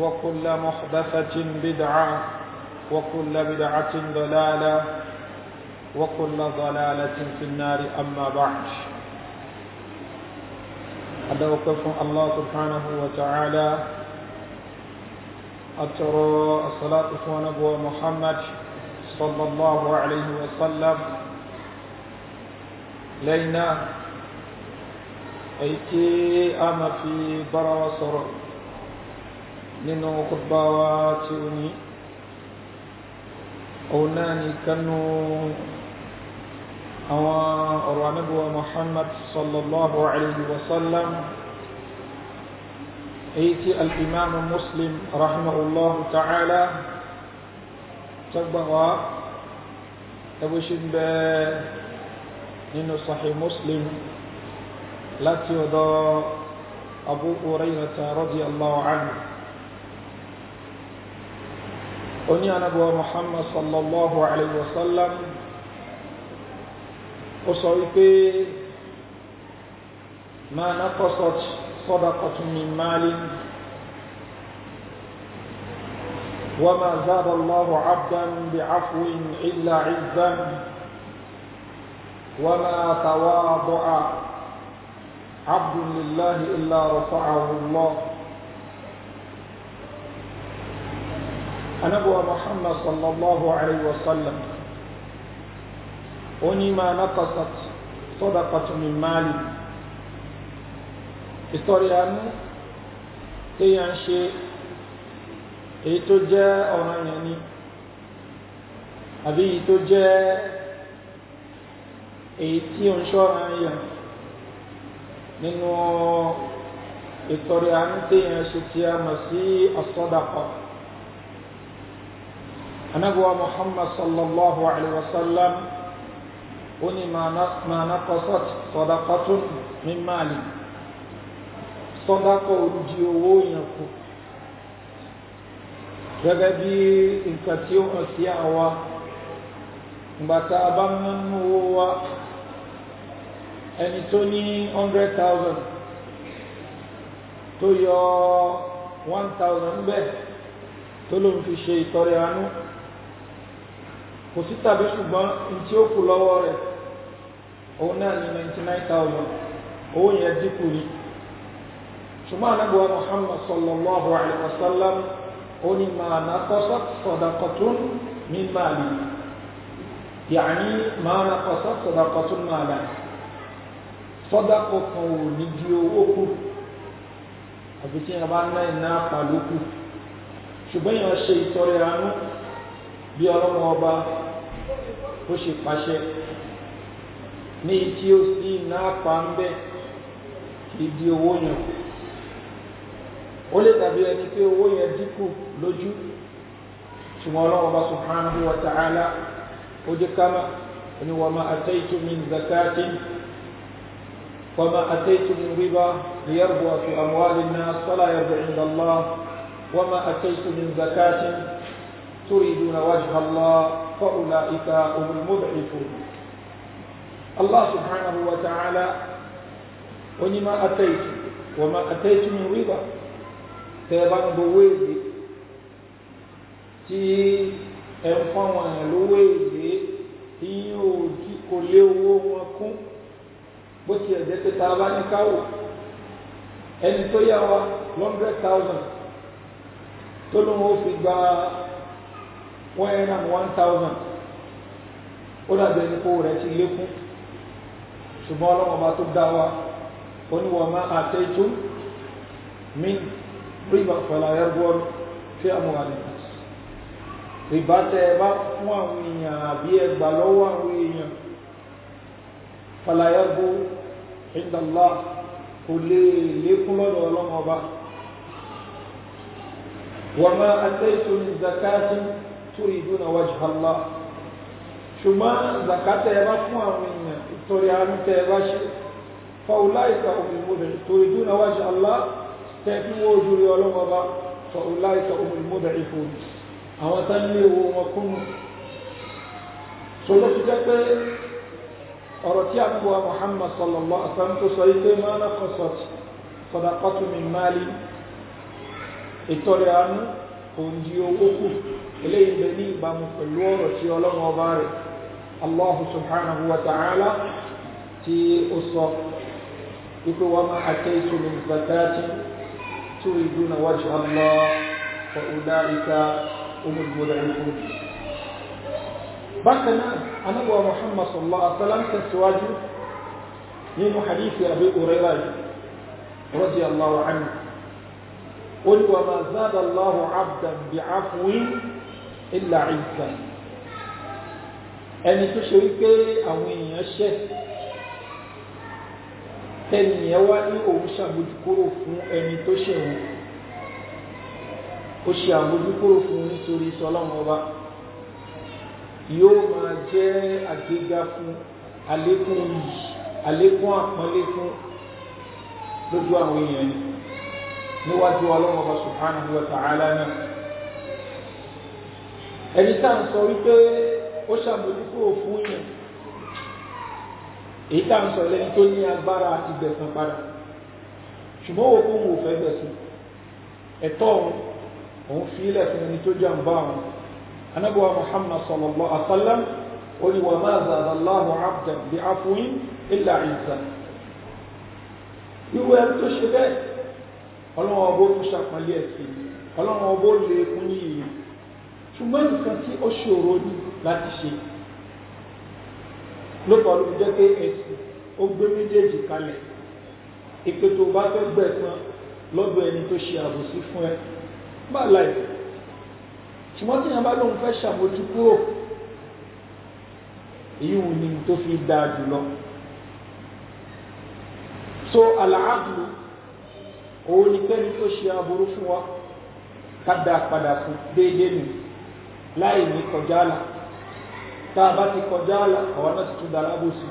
وكل محدثة بدعة وكل بدعة ضلالة وكل ضلالة في النار أما بعد هذا وقف الله سبحانه وتعالى أترى الصلاة ونبوة محمد صلى الله عليه وسلم لينا أيتي أما في برا وصرق nínú kútbà wa tí ó ní òun náà ni kánú àwọn ọ̀rọ̀ anábíwa Muhammad sallallahu alayhi wa sallam èyí tí al'imamu Muslim rahimahullahu ta'ala tagbawa ẹbí ṣe ń bẹ nínú sahih Muslim láti ọ̀dọ̀ Abu Hurayrah radiyallahu anhu oní anabuwa muhammad sallallahu alayhi wa sallam ó sọ wípé máa naqasat sadaqatun min malin wa ma zada allahu abdan bi'afwin illa 'izzan wa ma tawadu'a abdun lillahi illa rafa'ahu allah anabuwa muhammad sallallahu alayhi wa sallam ó ní ma naqasat sadaqatu min mali ìtọ́rí àánú téèyàn ṣe èyí tó jẹ́ ọ̀ranyàn ni àbí èyí tó jẹ́ èyí tí ó ń ṣọ́ra yàn nínú ìtọ́rí àánú téèyàn ṣe tí a mọ̀ sí as anabuwa muhammad sallallahu alaihi wasallam ó ní ma naqasat sadaqatun min mali sọdakọ olùdí owó yẹn kù gẹ́gẹ́ bí nǹkan tí ó hàn sí àwa gbàtà bá mọ́nú owó wa ẹni tó ní 100,000 tó yọ 1,000 bẹ́ẹ̀ tó ló ń fi ṣe ìtọrẹ àánú kò sí tàbí ṣùgbọ́n ní tí ó kù lọ́wọ́ rẹ̀ òun náà ní 99,000 owó yẹn dínkù ni ṣùgbọ́n anábọ̀ Muhammad sallallahu alaihi wasallam ó ní máa ná kọ́sọ́ sadaqatun min mali yàní máa ò ní ju owó kù àbí tí a bá ná iná pàlókù ṣùgbọ́n yẹn ṣe ìtọrẹ àánú bí ọlọ́mọ ọba ó sì pàṣẹ ní tí ó sì náà pa ń bẹ́ kì í di owó yàn ó lè dàbí ẹni pé owó yẹn dínkù lójú ṣùgbọ́n ọlọ́run bá subhanahu wa ta'ala ó dé kámá ẹni wọ́n máa ataytum min zakatin wọ́n máa ataytum min riba liyarbu fi amwali an-nas fala yarbu inda Allah wọ́n máa ataytum min zakatin turiduna wajha Allah. فأولئك هم المضعفون الله سبحانه وتعالى ونما أتيت وما أتيت من رضا تيبان بويدي تي ẹnfọwọn lówó èlé ìyẹn ò jí kò lé wọn kún bó tiẹ̀ jẹ́ pé tá a bá ní káwò ẹni tó one hundred thousand tó fi gba one hundred and one thousand ó dàbí ẹni kó rẹ̀ ti lékún ṣùgbọ́n ọlọ́run ọba tó dá wa ó ní wọ́n máa àtẹ tó mí rìbá fọlá ẹgbọ́n fí àwọn àlejò rìbá tẹ ẹ bá fún àwọn èèyàn àbí ẹgbà lọ́wọ́ àwọn èèyàn fọlá ẹgbọ́n ìdàlá kò lè lékún lọ́dọ̀ ọlọ́run ọba wọ́n máa àtẹ ní zakati turiduna wajha Allah ṣùgbọ́n zakata ẹ bá fún àwọn èèyàn ìtọ́rẹ àrùntẹ ẹ bá ṣe faulaika omulmudẹ turiduna wajha Allah tẹ́fí wọ́n ojú rí ọlọ́wọ́ bá faulaika omulmudẹ ìfòrò àwọn tán lé wo wọn kúnnù sọlọ́ ti jẹ́ pé ọ̀rọ̀ tí a kó Muhammad sallallahu alaihi wa sallam tó sọ yìí pé máa sadaqatu min mali ìtọ́rẹ àánú òǹdí owó kù eléyìí bẹ ní ìbámu pẹ̀lú ọ̀rọ̀ tí ọlọ́run ọba rẹ̀ allahu subhanahu wa ta'ala tí ó sọ wípé wa ma ataytu min zakatin turiduna wajha allah wa ulaika humul mud'ifun bákan náà anábọ̀ muhammad sallallahu alaihi wa sallam tẹ̀síwájú nínú hadithi abi hurairah radiyallahu anhu قل وما زاد الله عبدا بعفو ìlà ìgbà ẹni tó ṣe wípé àwọn èèyàn ṣẹ̀ tẹnìyàn wá ní òun ṣàbójúkúrò fún ẹni tó ṣẹ̀ wọn ó ṣe àbójúkúrò fún nítorí sọlọ́run ọba yóò máa jẹ́ àgbéga fún àlékún yìí àlékún àpọ́nlé fún lójú àwọn èèyàn níwájú ọlọ́run ọba subhanahu wa ta'ala náà ẹni tá à ń sọ wípé ó ṣàmójútó òfin yẹn èyí tá à ń sọ lẹ́ni tó ní agbára àti gbẹ̀sán padà ṣùgbọ́n òkú òun ò fẹ́ gbẹ̀sán ẹ̀tọ́ òun òun fi ilẹ̀ fún ẹni tó jà ń bá òun anábọ̀wá Muhammad sallallahu alaihi wa sallam ó ní wà máa zàdà Allahu abdan bí afuwin illa irú ẹni tó ṣe bẹ́ẹ̀ ọlọ́wọ́n ọbọ̀ ń ṣàpọ̀lẹ́ ẹ̀sìn ọlọ́wọ́n ọbọ̀ lè kún yìí ṣùgbọ́n nǹkan tí ó ṣòro ní láti ṣe lópa ló jẹ́ pé ẹ̀sìn ó gbé méjèèjì kalẹ̀ ìpè tó bá fẹ́ gbẹ̀san lọ́dọ̀ ẹni tó ṣe àbòsí fún ẹ bá láì ṣùgbọ́n tí yàrá lóun fẹ́ ṣàbójú kúrò èyí wù ní tó fi dáa jùlọ so àlàáfù òun ni pẹ́ni tó ṣe aburú fún wa ká dáa padà fún déédéé nìyí láì ní kọjá àlà tá a bá ti kọjá àlà àwọn náà ti tún da alábòsí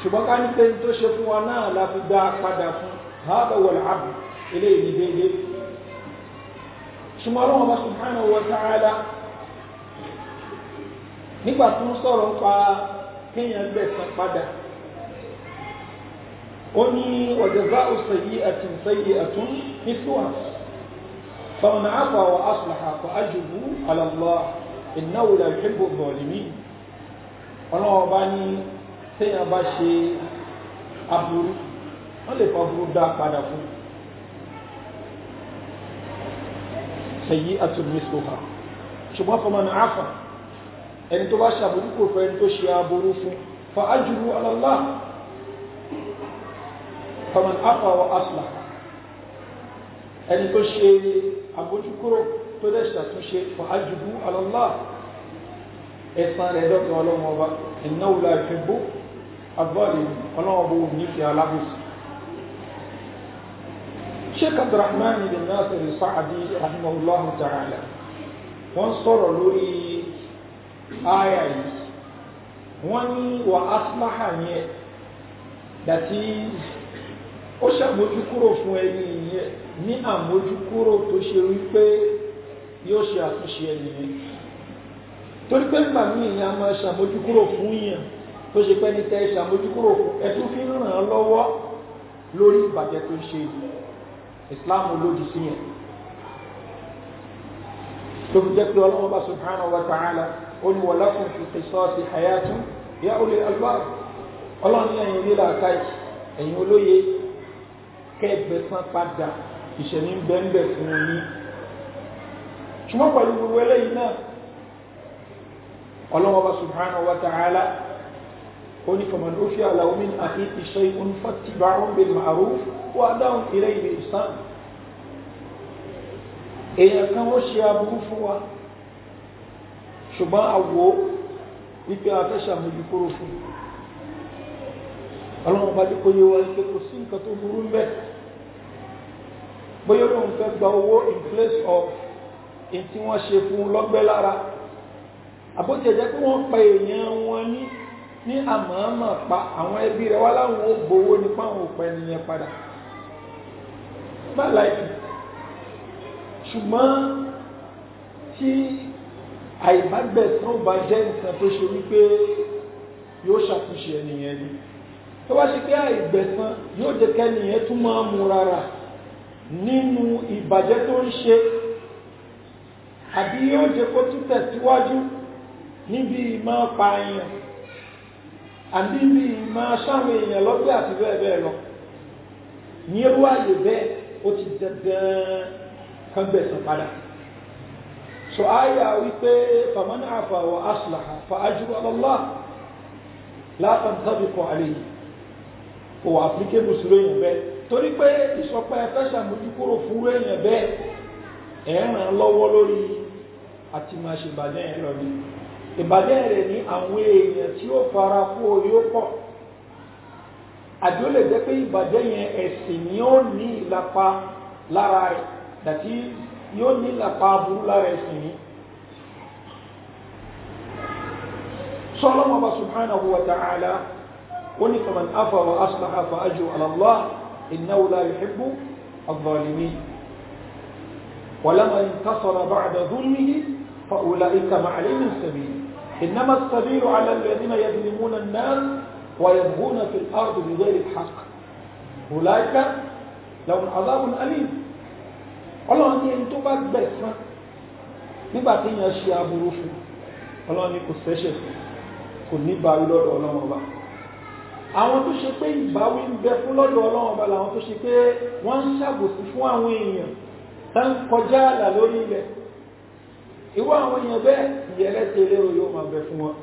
ṣùgbọ́n ká ní pé tó ṣe fún wa náà la fi dá padà fún hada wal abd eléyìí ní ṣùgbọ́n ọlọ́run ọba subhanahu wa ta'ala nígbà tó ń sọ̀rọ̀ ń pa kéèyàn gbẹ̀sán padà ó ní wa jaza'u sayyi'atin sayyi'atun mithluha فمن عفا وأصلح فأجره على الله إنه لا يحب الظالمين ọlọ́wọ́ bá ní téèyàn bá ṣe aburú wọ́n lè fọ́burú dá padà fún ṣèyí àtúnmísòfà ṣùgbọ́n fọmọ̀nà àfà ẹni tó bá ṣàbúrú kò fẹ́ ẹni tó ṣe aburú fún fa ajúrú alọ́lá fọmọ̀nà àfà wa asùlá ẹni tó ṣe àbójúkúrò tó dẹ̀ ṣàtúnṣe fàájúbú alọ́lá ẹ̀sán rẹ̀ lọ́dọ̀ ọlọ́run ọba ìnáwó la ìfẹ́bó agbọ́ọ̀lì ọlọ́run ọba òun nífẹ̀ẹ́ alábòsí sheikh abdulrahman ibn nasir sa'adi rahimahullahu ta'ala wọ́n sọ̀rọ̀ lórí aya yìí wọ́n fún ẹni yẹn àmójúkúrò tó ṣe wípé yóò ṣe àtúnṣe ẹnìyẹn torí pé nígbà míì ni a máa ṣàmójúkúrò fún yàn tó ṣe pé ní tẹ ṣàmójúkúrò fún ẹtún fi ràn án lọ́wọ́ lórí ìbàjẹ́ tó ṣe Islam lòdì sí yẹn tó fi jẹ́ pé ọlọ́mọba subhanahu wa ta'ala ó ní wọ́n lakum fi qisasi hayatun ya ulil albab ọlọ́run ní ẹ̀yin nílà káyì ẹ̀yin olóye kẹ́ẹ̀gbẹ̀sán padà ìṣẹ̀ní bẹ́ẹ̀bẹ̀ fún yí ṣùgbọ́n pẹ̀lú gbogbo eléyìí náà ọlọ́wọ́ba subhanahu wa ta'ala ó ní faman ó fi àlàó min àti ìṣẹ́ ìkún fàtìbà bil ma'ruf wa dáhùn ilé ìlú islam èèyàn kan ó ṣe aburú fún wa ṣùgbọ́n àwọ̀ wípé afẹ́ṣàmójúkúrò fún ọlọ́wọ́ba bóyá ló fẹ́ gba owó in place of in tí wọ́n ṣe fún lọ́gbẹ́ lára àbótí ẹ̀jẹ̀ pé wọ́n pa èèyàn wọn ní ní àmọ́ọ́mọ́ pa àwọn ẹbí rẹ̀ wá láwọn ò gbowó nípa àwọn òpẹ́ nìyẹn padà bá láìpẹ́ ṣùgbọ́n tí àìbágbẹ̀sán bá jẹ́ nǹkan tó ṣe wípé yóò ṣàtúnṣe ẹnìyẹn ni tó bá ṣe pé àìgbẹ̀sán yóò jẹ́ kẹ́nìyẹn tún máa mú rárá nínú ìbàjẹ́ tó ń ṣe àbí yóò jẹ́ kó tún tẹ̀síwájú níbi ìmọ̀ pààyàn àbí ibi ìmọ̀ sáwọn èèyàn lọ́gbẹ́ àti bẹ́ẹ̀ bẹ́ẹ̀ lọ ní ewu àyè bẹ́ẹ̀ ó ti dandan kan gbẹ̀sán padà so aya wípé faman afa wa aslaha fa ajru ala Allah la kò wà applicable sí bẹ́ẹ̀ torí pé ìsọpẹ́ ẹ̀fẹ́sà mójúkúrò fúrú èèyàn bẹ́ẹ̀ ẹ̀ràn lọ́wọ́ lórí àti máa ṣe ìbàjẹ́ yẹn lọ ní ìbàjẹ́ rẹ̀ ní àwọn èèyàn tí ó fara kó yóò pọ̀ àjò lè jẹ́ pé ìbàjẹ́ yẹn ẹ̀sìn ni ó ní ìlapa lára rẹ̀ dàtí yóò ní ìlapa aburú lára ẹ̀sìn yìí sọlọ́mọba subhanahu wa ta'ala ó ní faman afa wa aslaha fa ajru إنه لا يحب الظالمين ولما انتصر بعد ظلمه فأولئك ما عليهم سبيل إنما السبيل على الذين يظلمون الناس ويبغون في الأرض بغير الحق أولئك لهم عذاب أليم ọlọ́run ní ẹni بس bá أشياء بروفه tí èèyàn ṣe aburú fún ọlọ́run ní àwọn tó ṣe pé ìbáwí ń bẹ fún lọ́dọ̀ ọlọ́run ọba làwọn tó ṣe pé wọ́n ń ṣàbòsí fún àwọn èèyàn tó ń kọjá àlà lórí ilẹ̀ irú àwọn èèyàn bẹ́ẹ̀ ìyẹlẹ́tẹ̀ lérò yóò máa bẹ fún wọn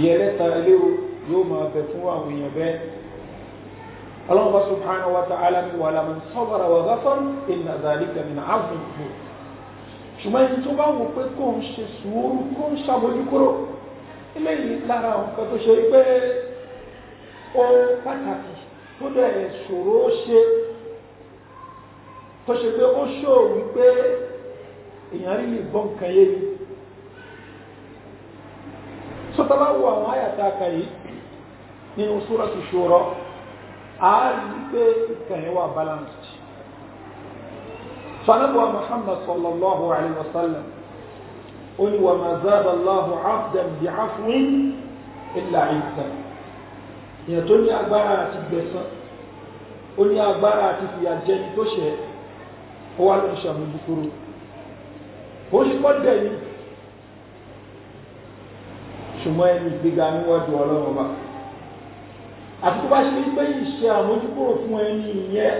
ìyẹlẹ́ta lérò yóò máa bẹ fún àwọn èèyàn bẹ́ẹ̀ ọlọ́run bá subhanahu wa ta'ala mi wà lámà sabara wa ghafara inna dhalika min azmi ṣùgbọ́n ẹni tó bá wò pé kò ń ṣe sùúrù kò ń ṣàbójúkúrò eléyìí lára nǹkan tó ṣe pé ó pàtàkì tó dẹ̀ ṣòro ó ṣe tó ṣe pé ó ṣò wípé èèyàn rí lè gbọ́ nǹkan yé mi sọ́tà bá wo àwọn àyàtà àkàyè nínú Suratu Shura àárín wípé nǹkan yẹn wà balanced sanabu Muhammad sallallahu alaihi wasallam ó ní wà máa zábà Allahu afdam bí afwin ilà ìta èèyàn tó ní agbára àti gbẹ̀san ó ní agbára àti fìyà jẹni tó ṣẹ̀ ó wá ló ń ṣàmójú ó ṣe kọ́ dẹ̀ ní ṣùgbọ́n ẹni ìgbéga níwájú ọlọ́run ọba àti tó bá ṣe pé ìṣe àmójúkúrò fún ẹni ìyẹn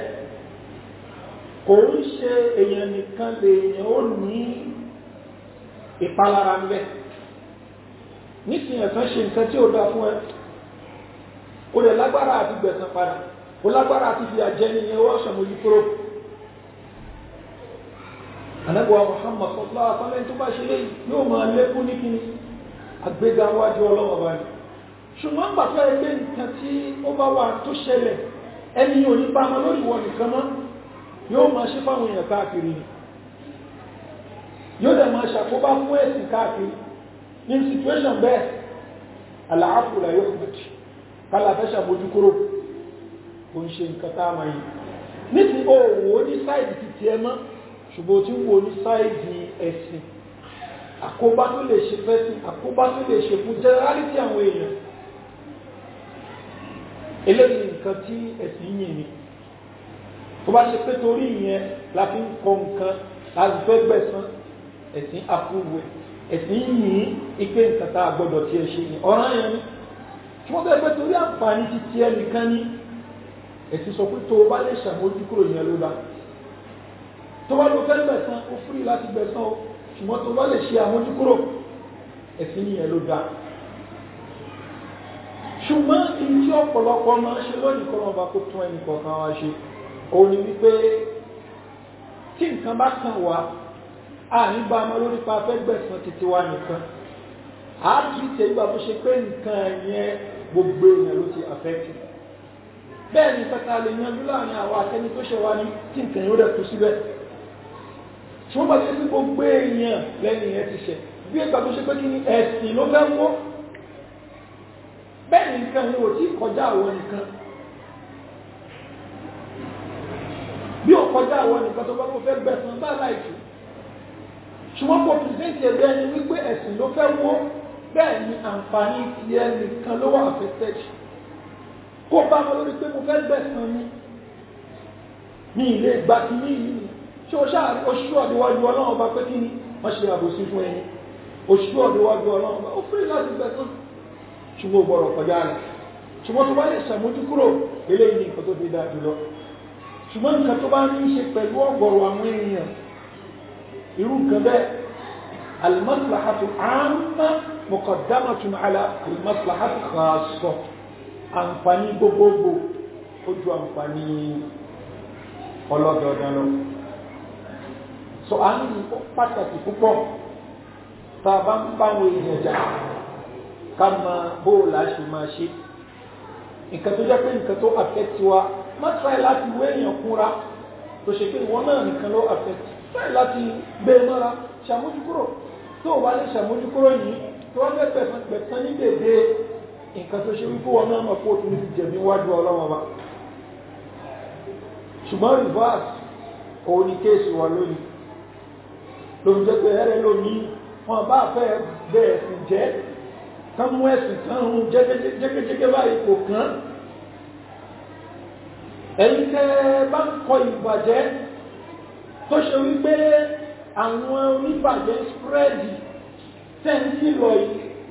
kò ń ṣe èèyàn nìkan lèèyàn ó ní ìpalára ń bẹ nísìnyí ẹ̀sán ṣe nǹkan tí ó dá o lè lágbára àti gbẹ̀sán padà o lágbára àti di jẹ nìyẹn wọ́n sọ̀mù yìí kúrò anabuwa muhammad sallallahu alaihi tó bá ṣe léyìí yóò máa lékún ní kíni àgbéga wájú ọlọ́wọ́ báyìí ṣùgbọ́n gbàtọ́ ẹgbẹ́ nǹkan tí ó bá wà tó ṣẹlẹ̀ ẹni yóò ní ọmọ lórí wọn nìkan mọ́ yóò yóò dẹ̀ máa ṣàkóbá fún ẹ̀sìn káàkiri ní situation bẹ́ẹ̀ aláàfù rẹ̀ yóò pẹ̀tì kálàfẹ́ ṣàbójúkúrò kò ń ṣe nǹkan tá a máa yìí ní ti òwò ní sáìdì ti tiẹ̀ mọ́ ṣùgbọ́n tí ń wo ní sáìdì ẹ̀sìn àkóbá tó lè ṣe fẹ́sìn àkóbá tó lè ṣe fún jẹ́rálítì àwọn èèyàn eléyìí nǹkan tí ẹ̀sìn yìí ni tó bá ṣe pé torí ìyẹn la fi ń kọ nǹkan láti fẹ́ gbẹ̀sán ẹ̀sìn approve ẹ̀sìn yìí ipe nǹkan tá a gbọ́dọ̀ ṣe ni ọ̀ràn yẹn ni tí wọ́n bẹ̀rẹ̀ pé torí àǹfààní ti tiẹ̀ nìkan ni ẹ̀sìn sọ pé tó o bá lè ṣàmójú kúrò yẹn ló dá tó bá lọ fẹ́ gbẹ̀san ó fúri láti gbẹ̀san o ṣùgbọ́n tó bá lè ṣe àmójú kúrò ẹ̀sìn yẹn ló dá ṣùgbọ́n ìdí ọ̀pọ̀lọpọ̀ máa ń ṣe lónìí kọ́ tí nǹkan bá kàn wá àní bá ọmọ lórí pa fẹ́ gbẹ̀sán títí wa nìkan á kì í ṣe ìgbà bó ṣe pé nǹkan yẹn gbogbo èèyàn ló ti àfẹ́kì bẹ́ẹ̀ ni kàkà lè yanjú láàrin àwọn àtẹni tó ṣe wa ní tí nǹkan yóò dẹ̀ kú síbẹ̀ ṣùgbọ́n bá ṣe sí gbogbo èèyàn lẹ́yìn yẹn ti ṣẹ̀ bí ìgbà tó ṣe pé kí ni ẹ̀sìn ló fẹ́ mú bẹ́ẹ̀ ni nǹkan yóò tí kọjá àwọn nìkan bí ò kọjá àwọn nìkan tó bá kó fẹ́ gbẹ̀sán bá láìsí ṣùgbọ́n kò pìsẹ́ǹtì ẹ̀bí ẹni wípé ẹ̀sìn ló fẹ́ wó bẹ́ẹ̀ ni àǹfààní ti ẹ nìkan ló wà affected kó bá mọ́ lórí pé mo fẹ́ gbẹ̀sán ni ní ilé ìgbà tí ní ìlú ni ṣé o ṣáàrí oṣù ọ̀dẹ̀wájú ọlọ́run ọba pé kí ni wọ́n ṣe àbòsí fún ẹni oṣù ọ̀dẹ̀wájú ọlọ́run ọba ó fẹ́rẹ̀ láti gbẹ̀sán ṣùgbọ́n gbọ́rọ̀ kọjá rẹ̀ ṣùgbọ́n tó bá lè ṣàmójú kúrò eléyìí ni nǹkan tó fi dáa jùlọ ṣùgbọ́n nǹkan tó bá ní í ṣe pẹ̀lú ọ̀gọ̀rọ̀ àwọn èèyàn irú nǹkan bẹ́ẹ̀ almaslahatu amma muqaddamatun ala almaslahatu khassa àǹfààní gbogbogbò ó ju àǹfààní ọlọ́dọọdán lọ so à ń yí pàtàkì púpọ̀ tá a bá ń báwọn èèyàn jà ká máa bóòlù àṣì máa ṣe nǹkan tó jẹ́ pé nǹkan tó affect wa má tíráì láti wé èèyàn kúnra tó ṣe pé wọn náà nìkan ló affect báyìí láti gbé e mọ́ra ṣàmójúkúrò tó o bá lè ṣàmójúkúrò yìí tó wá fẹ́ gbẹ̀sán ní dèdè nǹkan tó ṣe wípé wọn náà mọ̀ pé o tún ti jẹ̀bi wájú ọlọ́wọ́n wa ṣùgbọ́n reverse òun ni kéèsì wa lónìí lóun jẹ́ pé ẹ̀rẹ́ lónìí wọn bá fẹ́ bẹ̀rẹ̀ sí jẹ́ kán mú ẹ̀sìn kan hun jẹ́gẹ́jẹ́gẹ́ báyìí kò kán ẹ̀yin tẹ́ bá ń kọ ìbàjẹ́ tó ṣe wípé àwọn oníbàjẹ́ spreadi tẹ́ǹtì lọ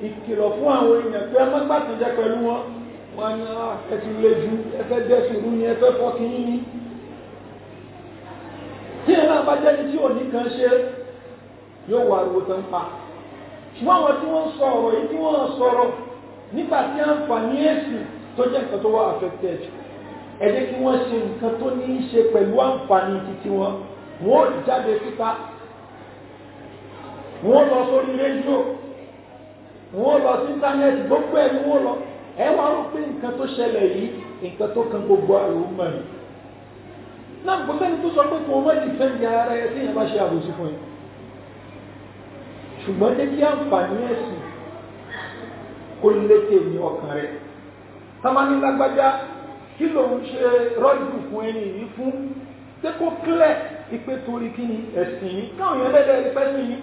ìkìlọ̀ fún àwọn èèyàn pé ẹmọ́gbàtànjẹ́ pẹ̀lú wọn wọn ah, ni ẹ ti lè ju ẹfẹ́ dẹ́sùrú ni ẹfẹ́ fọ́kí yín tí ẹ náà bá jẹ́ ní tí ò ní kan ṣe yóò wà ariwo tó ń pa ṣùgbọ́n àwọn tí wọ́n sọ yìí tí wọ́n sọ̀rọ̀ nígbà tí àǹfààní ẹ̀sìn tó jẹ́ nǹkan tó wà affected ẹ jẹ́ kí wọ́n ṣe nǹkan tó ní í ṣe pẹ̀lú àǹfààní títí wọn wọ́n ó jáde síta wọ́n lọ sórí rédíò wọ́n lọ sí íńtánẹ́ẹ̀tì gbogbo ẹ̀ ni wọ́n lọ ẹ wá pé nǹkan tó ṣẹlẹ̀ yìí nǹkan tó kan gbogbo àrùn náà gbogbo ẹni tó sọ pé kò wọ́n ara ẹ tí èèyàn ṣe àbòsí fún ṣùgbọ́n kí àǹfààní ẹ̀sìn kó ọkàn tamani lágbájá fún ẹni yìí fún tẹ́kọ̀ ipé torí kí ni ẹ̀sìn yìí káwọn yẹn lẹ́dẹ̀ ẹ̀rí pẹ́sìn yìí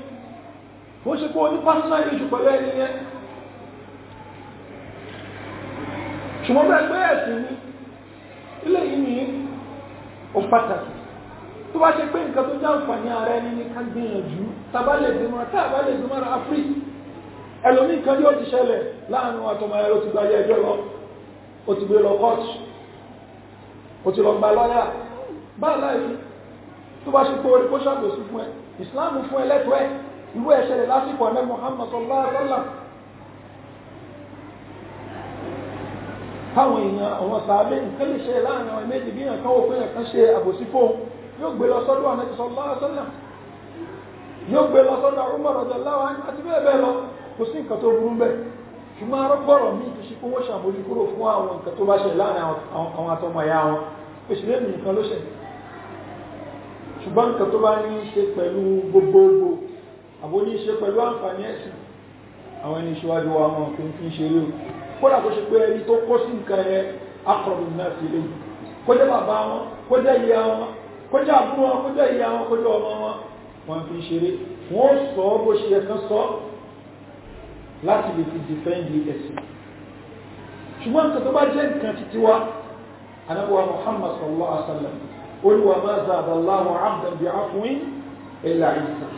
kò ṣe kó ní personal issue pẹ̀lú ẹni yẹn ṣùgbọ́n bẹ́ẹ̀ pé ẹ̀sìn ni ilé yìí ni ó pàtàkì tó bá ṣe pé nǹkan tó jẹ́ àǹfààní ara ẹni ní ká gbìyànjú tàbá lè dìmọ̀ tàbá lè dìmọ̀ ra afrí ẹlòmí nǹkan yóò ti ṣẹlẹ̀ láàrin àtọmọ ẹ̀rọ ti gbayẹ ẹjọ́ lọ ó tó bá ṣe pé orí kó ṣàbòsí fún ẹ ìsìláàmù fún ẹlẹ́tọ́ ẹ irú ẹ̀ ṣẹlẹ̀ lásìkò ọ̀nà Muhammad sallallahu alaihi wasallam táwọn èèyàn àwọn sàábé nǹkan lè ṣẹlẹ̀ láàrin àwọn méjì bí nǹkan ò pé nǹkan ṣe àbòsí fóun yóò gbé lọ sọ́dọ̀ àmì sallallahu alaihi wasallam yóò gbé lọ sọ́dọ̀ Umar radiyallahu anhu àti bẹ́ẹ̀ bẹ́ẹ̀ lọ kò sí nǹkan tó burú bẹ́ẹ̀ ṣùgbọ́n arọ́gbọ́rọ̀ míì tó ṣe pé ṣàbójú kúrò fún àwọn nǹkan tó bá ṣẹlẹ̀ láàrin àwọn àtọmọ̀ ẹ̀yà wọn òṣèré nìkan ló ṣẹlẹ̀ ṣùgbọ́n nǹkan tó bá ní í ṣe pẹ̀lú gbogbogbò àbó ní í ṣe pẹ̀lú àǹfààní ẹ̀sìn àwọn ẹni ṣíwájú wa wọn kò fi ń ṣeré o kódà kó ṣe pé ẹni tó kó sí nǹkan yẹn akọ̀rọ̀ náà sí lè kó jẹ́ bàbá wọn kó jẹ́ ìyá wọn kó jẹ́ àbúrò wọn kó jẹ́ ìyá wọn kó ọmọ wọn wọn fi ń ṣeré wọn sọ bó ṣe yẹ kán sọ láti lè fi dìfẹ́ǹdì ẹ̀sìn ṣùgbọ́n nǹkan tó bá jẹ́ nǹkan titiwa anábọ̀wá Muhammad sallallahu alaihi wa sallam olúwa máa zàdà láwọn abdàbí afúnwín ẹ̀là ìsàn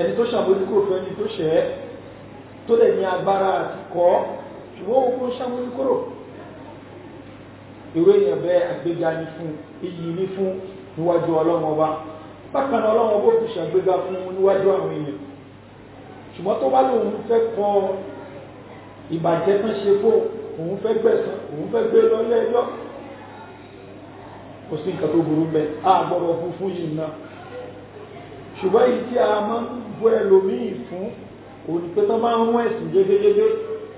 ẹni tó ṣàbójúkò fún ẹni tó ṣẹ̀ tó lè ní agbára àti kọ́ ṣùgbọ́n òun kò ṣàbójúkòrò ìwé èèyàn bẹ́ẹ̀ àgbéga ní fún iyì ní fún níwájú ọlọ́run ọba bákan náà ọlọ́run ọba òkú ṣàgbéga fún níwájú àwọn èèyàn ṣùgbọ́n tó bá lóun fẹ́ kọ kò sí nǹkan tó burú mẹ́ àgbọ̀rọ̀ fún fún yìí náà ṣùgbọ́n èyí tí a máa ń bọ́ ẹlòmíì fún òní pé tó máa ń rún ẹ̀sìn jẹ́gẹ́jẹ́gẹ́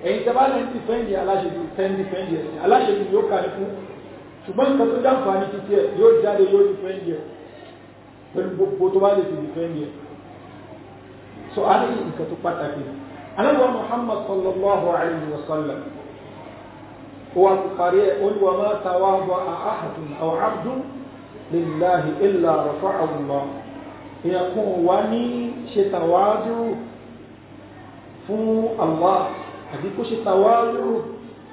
ẹ̀yìn tẹ́ bá lẹ́ ń dìfẹ́ǹdì aláṣẹ́bí tẹ́ ń dìfẹ́ǹdì ẹ̀sìn aláṣẹ́bí yóò kà ní fún ṣùgbọ́n nǹkan tó dáǹfààní títí ẹ̀ yóò jáde yóò dìfẹ́ǹdì ẹ̀ pẹ̀lú gbogbo tó bá lè fi dìfẹ́ǹdì ẹ̀ so a ní nǹkan tó pàtàkì anábọ̀ Muhammad sallallahu alayhi wa sallam wa ti parí ẹ̀ ó ní wa máa ta wá bọ́ àhàdùn àwọn abdùn lillahi illa rafa'ahu Allah èèyàn kan wá ní ṣe tàwádùrù fún Allah àbí kó ṣe tàwádùrù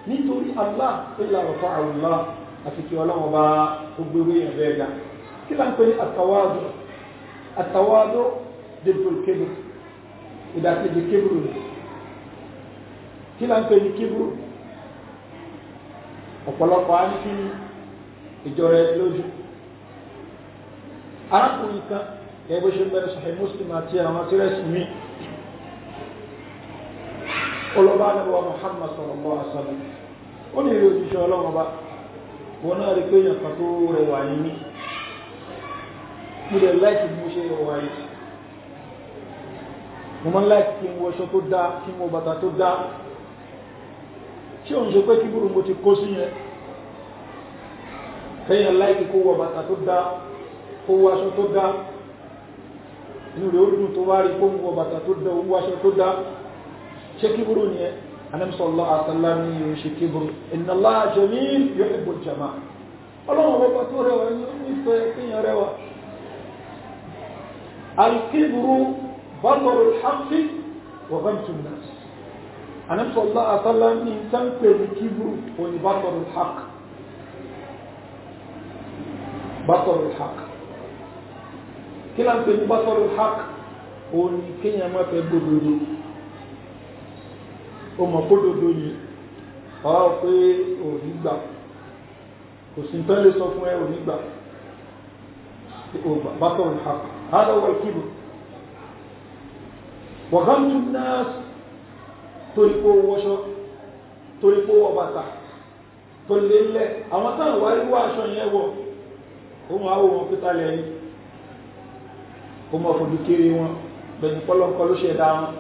nítorí Allah illa rafa'ahu Allah àti kí ọlọ́wọ́ bá gbogbo ẹ̀rẹ́ ẹ̀gá kí là ń pè ní àtàwádùrù àtàwádùrù dèbùrù kébùrù ìdàkejì ọ̀pọ̀lọpọ̀ á ń fi ìjọra ẹni lójú arákùnrin kan ẹgbẹ́ ṣe bẹ̀rẹ̀ sọ̀hẹ́ muslim àti àwọn tírẹ́sì mi olọba alẹ́wọ̀ muhammad sallallahu alaihi wasallam ó ní ilé òjíṣẹ́ ọlọ́run ọba wọn náà rí pé èèyàn kan tó rẹwà yìí ní ilẹ̀ láìkì mú ṣe rẹwà yìí mo máa láìkì kí n wọṣọ tó dáa kí n wọ bàtà tó dáa tí òun ṣe pé kíbùrù mo ti kó sí yẹn kẹ́yìn láìkí kó wọ bàtà tó dá kó wọ aṣọ tó dá inú rẹ̀ ó dùn tó wá rí kó wọ bàtà tó dá owó aṣọ tó dá ṣe kíbùrù ni ẹ anamsọ́lá àtàlá ní yóò ṣe kíbùrù ìnàlá jẹ́mí ní ìfẹ́ anasọ́lá àtàlá ní sáńpẹ̀ ní kíbrù òní bátọ̀rù haq bátọ̀rù haq kí là ń pè ní bátọ̀rù haq òní kéèyàn máa fẹ́ gbódodo ó mọ̀ gbódodo yìí ọ̀rọ̀ pé òní gbà kò sí tán lè sọ fún ẹ òní gbà bátọ̀rù haq hádọ́wọ̀ kíbrù wọ̀gán tún náà torí pé owó ọṣọ torí pé owó bàtà tó lé lẹ àwọn táwọn wá rí wá aṣọ yẹn wọ òun àwọn wọn pété alẹ ni ó mọ fojú kéré wọn bẹni kọlọkọ ló ṣẹdá wọn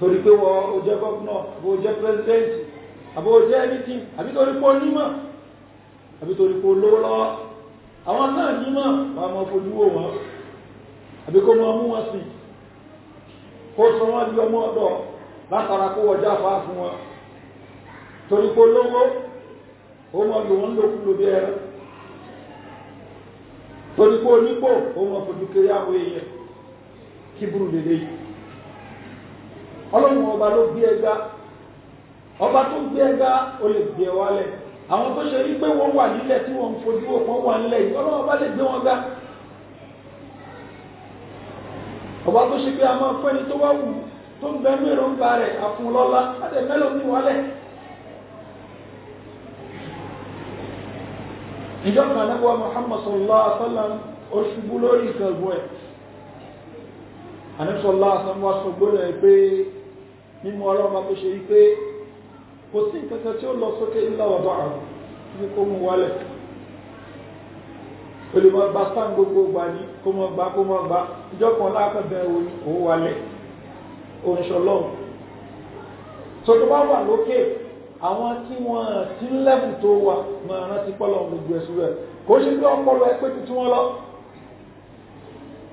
torí pé wọ o jẹ gọvnọ àbò o jẹ pírẹsidẹnti àbò o jẹ ẹnìtì o nímọ̀ àbí torí o lówó lọ́wọ́ àwọn náà nímọ̀ wàá mọ fojú wò wọn àbí kó mọ kó sọ wọ́n di ọmọ ọ̀dọ̀ látara kó wọ́n jáfa fún wọn torí kó lówó ó torí kó fojú kiri àwọn èèyàn yìí ọlọ́run ọba ló gbé ẹgbá ọba tó gbé ẹgbá ó lè gbé wálẹ̀ àwọn tó ṣe rí pé wọ́n wà nílẹ̀ tí ọba tó ṣe pé a máa fún ẹni tó wá wù tó ń bẹ mẹ́rọ ń ba rẹ̀ àfúnlọ́lá láti mẹ́lò ní wálẹ̀ ìjọ kan náà wà Muhammad sallallahu alaihi wa sallam ó ṣubú lórí ìkẹgbọ́ ẹ̀ àníṣọ́lá àsánwó aṣọ́gbọ́n ẹ̀ pé mímú ọlọ́mà tó ṣe rí pé kò sí nǹkan kan tí ó lọ sókè illa wada'a ní kó mú wálẹ̀ o lè mọ gba stan gbogbo gbà ní kó mọ gbà kó mọ gbà ìjọ kan láàpẹbẹ omi òun wálẹ̀ oníṣọlọ́run tó tó bá wà lókè àwọn tí wọ́n ti ń lẹ́bù tó wà mọ rántí pọ́lọ̀ gbogbo ẹ̀sùn rẹ̀ kò ṣe bí ọpọlọ ẹ pé tuntun wọn lọ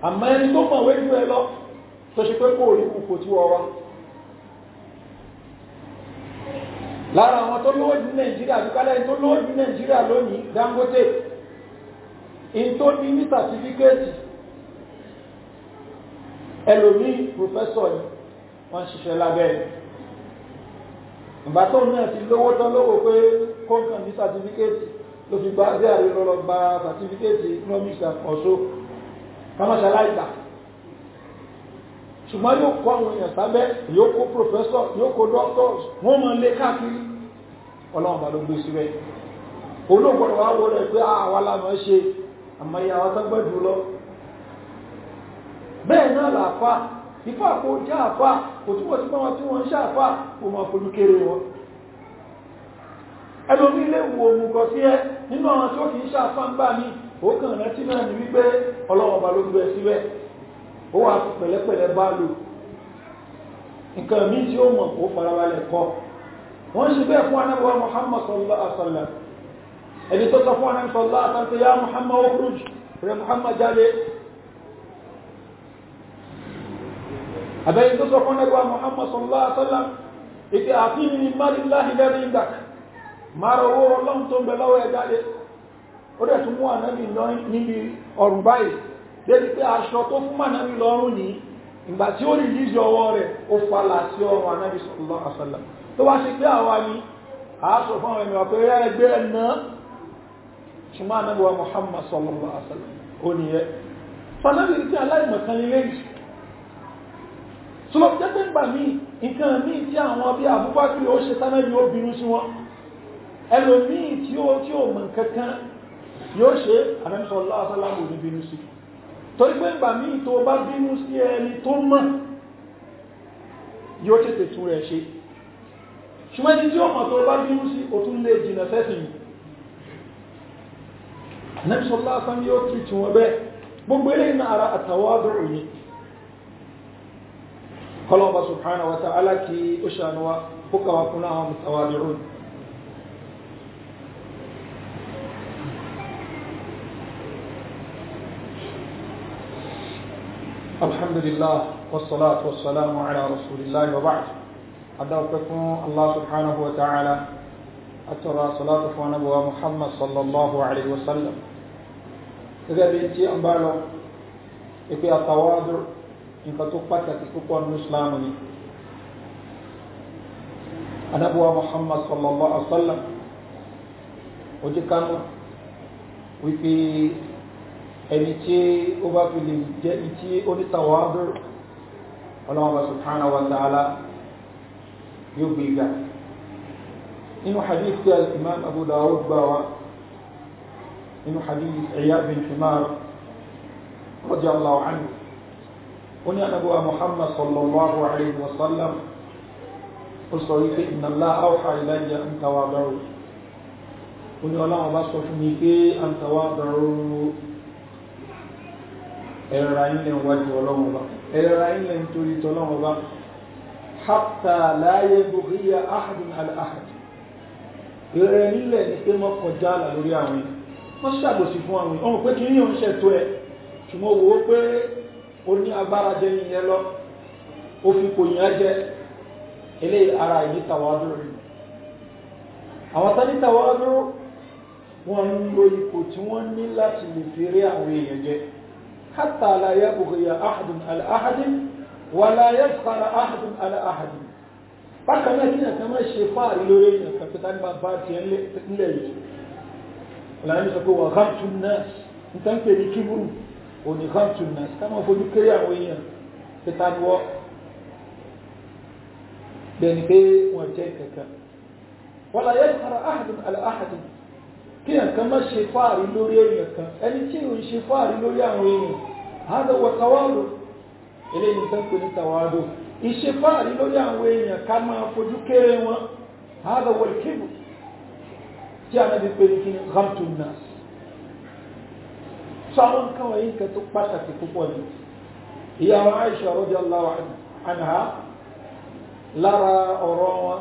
àmọ́ ẹni tó mọ̀wé jù ẹ lọ tó ṣe pé kò rí kòkò tí wọ́n wá lára àwọn tó lówó Nàìjíríà àbíkálẹ̀ tó lówó Nàìjíríà lónìí Dangote in tó ní ní sàtífíkẹ́ẹ̀tì ẹlòmí pòfẹ́sọ̀ ni wọ́n ṣiṣẹ́ lábẹ́ ẹ̀ ìgbà tó náà ti lówó tán lówó pé kọ́ńtàn ní sàtífíkẹ́ẹ̀tì ló fi gba bí àrí lọ́lọ́ gba sàtífíkẹ́ẹ̀tì economics and also kọ́mọ́ṣáláìsà ṣùgbọ́n yóò kọ́ àwọn èèyàn sábẹ́ yóò kó pòfẹ́sọ̀ yóò kó doctors wọ́n mọ̀ lé káàkiri ọlọ́run bá ló gbé síbẹ̀ olóògbọ̀n wa wọlé pé ah, àwọn alámọ̀ ṣe àmọ́ ìyá àwọn tó gbẹ́jù lọ bẹ́ẹ̀ náà làáfà ìfà kò já àfà kò túbọ̀ sí pọ́n tí wọ́n ń ṣàfà kò máa fojú kéré wọn ẹlòmí lè wo ohun kan sí ẹ nínú àwọn tí ó kìí ṣàfà ń gbà mí ó kàn rántí náà ní wípé ọlọ́wọ́n ba ló gbé síbẹ̀ ó wà pẹ̀lẹ́pẹ̀lẹ́ bá lò nǹkan míì ẹni tó sọ fún ànábì sallallahu alaihi wasallam ya Muhammad okhruj rẹ Muhammad jáde àbẹ́yìn tó sọ fún ànábì Muhammad sallallahu alaihi wasallam ìpè àfihàn ní malillahi lẹ́rìí ń dàkà mara owó ọlọ́run tó ń bẹ lọ́wọ́ ẹ jáde ó dẹ̀ tún mú ànábì lọ níbi ọ̀rùn báyìí débi pé aṣọ tó fún ànábì lọ́rùn súnmọ́ anábíwá Muhammad sallallahu alaihi wasallam ó nìyẹn fanábì tí aláìmọ̀kan ilé yìí súnmọ́ jẹ́pẹ́ gbà mí nǹkan mí tí àwọn bí Abubakar ó ṣe sánábì ó bínú sí wọn ẹlòmíì tí ó tí ó mọ̀ kankan yóò ṣe anábì sallallahu alaihi wasallam ó ní bínú sí torí pé gbà mí tó bá bínú sí anẹ́bísọ lásán yóò tún tí wọ́n bẹ́ẹ̀ gbogbo ilé iná ara àtàwádùn òní kọlọ́ọ̀bá subhanahu wa ta'ala kí ó fún àwọn mùsàwádùn òní الحمد لله والصلاة والسلام على رسول الله وبعد أدعوكم الله سبحانه وتعالى أترى صلاة ونبوة محمد صلى الله عليه وسلم gẹ́gẹ́ bí tí a ń bá lọ ìpé àtàwádù nǹkan tó pàtàkì púpọ̀ ní islam ni anábúwa muhammad sallallahu alaihi wasallam ojú kánú wípé ẹni tí ó bá fi lè jẹ́ ìtí onítàwádù ọlọ́wọ́ subhanahu wa ta'ala yóò gbé ìgbà nínú hadith tí al-imam abu dawud gbà wa nínú hadith Iyad bin Himar radiyallahu anhu ó ní anábọ́wà Muhammad sallallahu alayhi wa sallam ó sọ wípé inna Allah awha ilayya an tawadaru ó ní ọlọ́wọ́ bá sọ fún mi pé an tawadaru ẹ̀rọ ilẹ̀ wájú ọlọ́wọ́ bá ẹ̀rọ ilẹ̀ nítorí tọ́lọ́wọ́ bá hatta la yabghiya ahadun ala ahad ẹ̀rọ ilẹ̀ ní pé mọ́kànjá lórí àwọn ènìyàn wọ́n ṣàbòsí fún àwọn ọmọ pé kí ní òun ṣètò ẹ̀ ṣùgbọ́n wo pé ó ní agbára jẹ yìnyẹn lọ ó fi kò yàn jẹ eléyìí ara ìní tàwádó rí àwọn tání tàwádó wọn ń lo ipò tí wọ́n ní láti lè fi rí àwọn èèyàn jẹ hatta la yabghiya ahadun ala ahadin wa la yaskhara ahadun ala ahadin bákan náà kí ẹ̀kan máa ṣe fáàrí lórí ẹ̀kan pẹ́ta nípa bá ti ẹ̀lẹ́ yìí láàrín sọ pé wà ghamtu nas níta ń pè ní kíburu òní ghamtu nas ká máa fojú kéré àwọn èèyàn pẹ̀ta ni wọ́n bẹ̀ni pé wọ́n jẹ́ kankan wọ́n láyé fara ahadun al'ahadun kí ẹ̀kan má ṣe fáàrí lórí èèyàn kan ẹni tí ò ń ṣe fáàrí lórí àwọn èèyàn hádà wọ tawádò eléyìí tó ń pè ní tawádò ìṣe fáàrí lórí àwọn èèyàn ká máa fojú kéré wọn hádà wọ kíburu tí a náà bí pé kí ni hamtun náà sọ àwọn nǹkan wọ̀nyí nǹkan tó pàtàkì púpọ̀ ni ìyá wa Aisha radiyallahu anha lára ọ̀rọ̀ wọn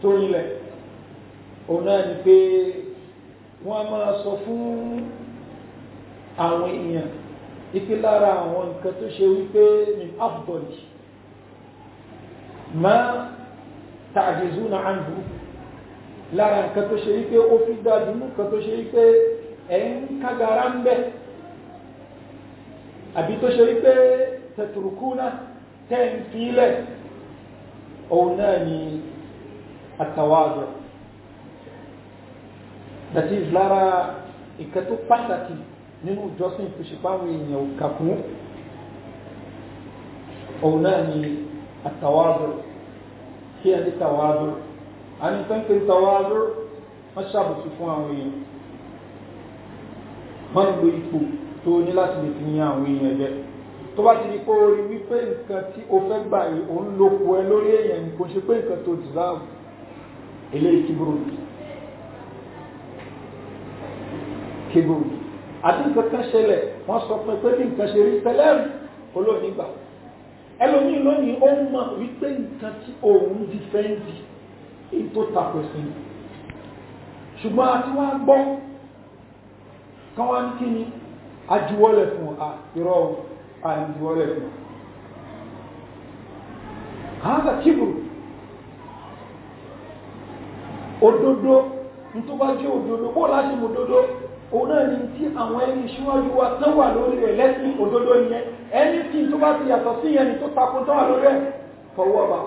tó rinlẹ̀ òun náà ni pé wọ́n a máa sọ fún àwọn èèyàn ipe lára àwọn nǹkan tó ṣe wípé ní afdọ́lì ma ta'jizuna anhu lára nǹkan tó ṣe wípé ó fi dájú mú nǹkan tó ṣe wípé ẹ̀ ń kágara ń bẹ̀ àbí tó ṣe wípé tẹ̀tùrùkúnà tẹ́ ń fílẹ̀ òun náà ni àtàwádọ̀ that is lára nǹkan tó pàtàkì nínú ìjọsìn ìfòṣìpáwọn èèyàn òkàkún òun náà ni àtàwádọ̀ kí ẹni tàwádọ̀ àní tẹ́ńpé tawadu wọ́n ṣàbùkù fún àwọn èèyàn wọ́n ń lo ipò tó ní láti lè fi yan àwọn èèyàn jẹ tó bá ti di pé orí wípé nǹkan tí o fẹ́ gbà yìí òun ló po ẹ lórí èèyàn kò ṣe pé nǹkan tó dìsáàbù eléyìí kíbrò kíbrò àti nǹkan kan ṣẹlẹ̀ wọ́n sọ pé pé bí nǹkan ṣe rí tẹ́lẹ̀rì olóòní gbà ẹlòmíì lónìí ó mọ̀ wípé nǹkan tí òun dìfẹ́ǹdì ètò takwẹ̀sìn ṣùgbọ́n a ti wá gbọ́ kan wá ní kí ni ajuwọ́lẹ̀ fún àìrọ̀ àìjuwọ́lẹ̀ fún àádà kíbùrù òdodo ní tó bá jẹ́ òdodo láti mú òun tí àwọn ẹni ṣíwájú wa tán wà lórí rẹ̀ ìyẹn ẹni tí tó bá ti yàtọ̀ sí ìyẹn ni tó takun tán wà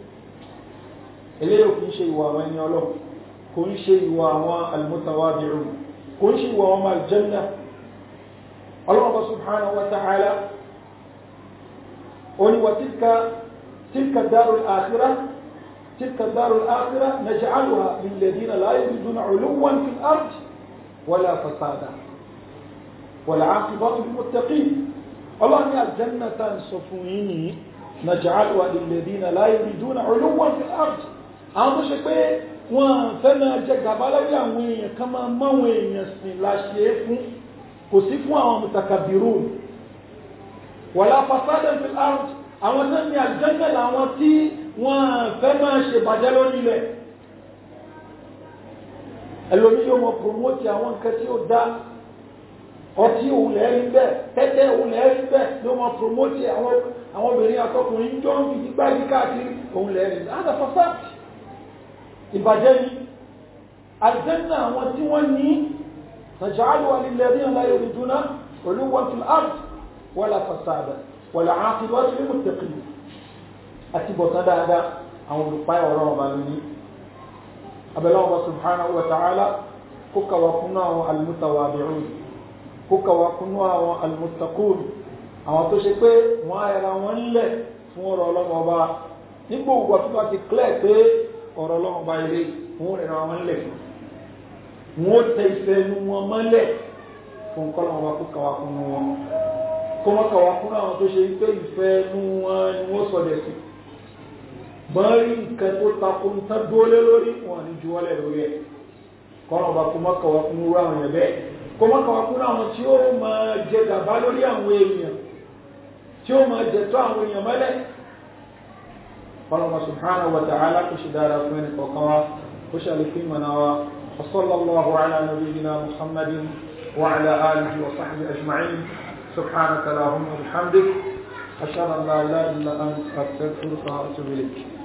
eléyìí kò ń ṣe ìwà àwọn ẹni ọlọ́run kò ń ṣe ìwà àwọn almutawabi'un kò ń ṣe ìwà àwọn aljanna ọlọ́run subhanahu wa ta'ala ó ní wa tilka tilka darul akhirah تلك الدار الآخرة نجعلها للذين لا يريدون علوا في الأرض ولا فسادا والعاقبة للمتقين الله أن الجنة صفويني نجعلها للذين لا يريدون علوا في الأرض àwọn tó ṣe pé wọ́n fẹ́ máa jẹ gàba lórí àwọn èèyàn kan máa máwọn èèyàn sìn láṣẹ é fún kò sí fún àwọn mùtàkàbírù wàlá fasadan fil ard àwọn tó ní àjẹ́jẹ́ làwọn tí wọ́n fẹ́ máa ṣe bàjẹ́ lórí ilẹ̀ ẹlòmí yóò mọ promote àwọn nǹkan tí ó dá ọtí òwúlẹ̀ rí bẹ́ẹ̀ tẹ́tẹ́ òwúlẹ̀ rí bẹ́ẹ̀ yóò mọ promote àwọn obìnrin àtọkùnrin jọ ń fi gbígbá yí káàkiri òwúlẹ̀ rí bẹ́ẹ̀ ìbàjẹ́ ni àjẹ́nà àwọn tí wọ́n ní nàìjíríà wà nílẹ̀ ní ọ̀láyé ìdúná pẹ̀lú wọn fi art wọ́lá fasada wọ́lá àkìlọ́ sí mímú tẹ̀kìlì àti bọ̀tán dáadáa àwọn olùpáyà ọ̀rọ̀ ọba ní abẹ́lẹ́ ọba subhanahu wa ta'ala kó kàwá kúnú àwọn wọ́n ti clear pé ọ̀rọ̀ ọlọ́run bá ilé wọn rẹ̀ ra wọn lẹ̀ fún wọn tẹ ìfẹ́ nu wọn mọ́lẹ̀ fún kọ́lọ̀ wọn kó kàwá kún wọn kó mọ́ kàwá kún àwọn tó ṣe pé ìfẹ́ nu wọn ni wọ́n sọ dẹ̀ sí bọ́ọ̀rí nǹkan tó takò ń tán dólé lórí wọn ní juwọ́lẹ̀ lórí ẹ̀ kọ́lọ̀ wọn kó mọ́ kàwá kún àwọn yẹn bẹ́ẹ̀ kó mọ́ kàwá àwọn tí ó máa jẹ gàba lórí àwọn èèyàn tí ó máa jẹ tó àwọn èèyàn mọ́lẹ̀ فالله سبحانه وتعالى كشدار من قوقوا كشال في وصلى الله على نبينا محمد وعلى آله وصحبه أجمعين سبحانك اللهم وبحمدك أشهد أن لا إله إلا أنت أستغفرك وأتوب إليك